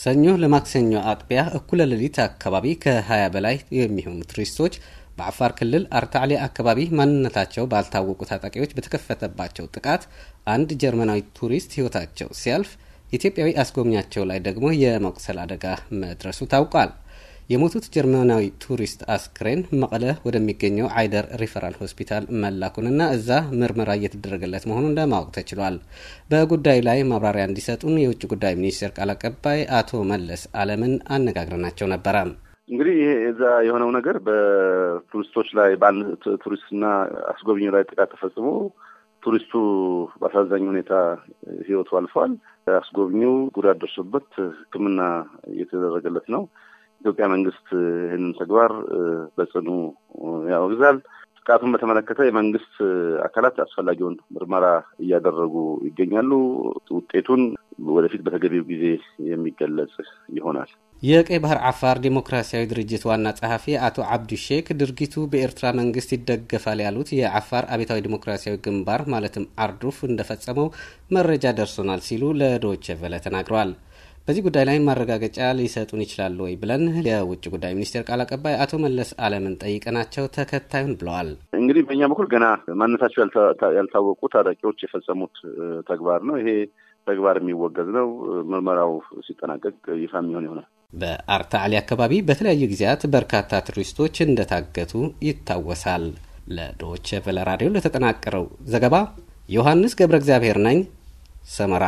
ሰኞ ለማክሰኞ አጥቢያ እኩለ ሌሊት አካባቢ ከ20 በላይ የሚሆኑ ቱሪስቶች በአፋር ክልል አርታዕሌ አካባቢ ማንነታቸው ባልታወቁ ታጣቂዎች በተከፈተባቸው ጥቃት አንድ ጀርመናዊ ቱሪስት ሕይወታቸው ሲያልፍ ኢትዮጵያዊ አስጎብኛቸው ላይ ደግሞ የመቁሰል አደጋ መድረሱ ታውቋል። የሞቱት ጀርመናዊ ቱሪስት አስክሬን መቀለ ወደሚገኘው አይደር ሪፈራል ሆስፒታል መላኩንና እዛ ምርመራ እየተደረገለት መሆኑን ለማወቅ ተችሏል። በጉዳዩ ላይ ማብራሪያ እንዲሰጡን የውጭ ጉዳይ ሚኒስቴር ቃል አቀባይ አቶ መለስ አለምን አነጋግረናቸው ነበረ። እንግዲህ ይሄ እዛ የሆነው ነገር በቱሪስቶች ላይ በአንድ ቱሪስትና አስጎብኝ ላይ ጥቃት ተፈጽሞ ቱሪስቱ በአሳዛኝ ሁኔታ ህይወቱ አልፏል። አስጎብኚው ጉዳት ደርሶበት ሕክምና እየተደረገለት ነው። የኢትዮጵያ መንግስት ይህንን ተግባር በጽኑ ያወግዛል። ጥቃቱን በተመለከተ የመንግስት አካላት አስፈላጊውን ምርመራ እያደረጉ ይገኛሉ። ውጤቱን ወደፊት በተገቢው ጊዜ የሚገለጽ ይሆናል። የቀይ ባህር አፋር ዲሞክራሲያዊ ድርጅት ዋና ጸሐፊ አቶ አብዱ ሼክ ድርጊቱ በኤርትራ መንግስት ይደገፋል ያሉት የአፋር አቤታዊ ዲሞክራሲያዊ ግንባር ማለትም አርዱፍ እንደፈጸመው መረጃ ደርሶናል ሲሉ ለዶይቼ ቬለ ተናግረዋል። በዚህ ጉዳይ ላይ ማረጋገጫ ሊሰጡን ይችላሉ ወይ ብለን የውጭ ጉዳይ ሚኒስቴር ቃል አቀባይ አቶ መለስ አለምን ጠይቀናቸው ተከታዩን ብለዋል። እንግዲህ በእኛ በኩል ገና ማንነታቸው ያልታወቁ ታጣቂዎች የፈጸሙት ተግባር ነው። ይሄ ተግባር የሚወገዝ ነው። ምርመራው ሲጠናቀቅ ይፋ የሚሆን ይሆናል። አሊ አካባቢ በተለያዩ ጊዜያት በርካታ ቱሪስቶች እንደታገቱ ይታወሳል። ለዶቼ ቬለ ራዲዮ ለተጠናቀረው ዘገባ ዮሐንስ ገብረ እግዚአብሔር ነኝ ሰመራ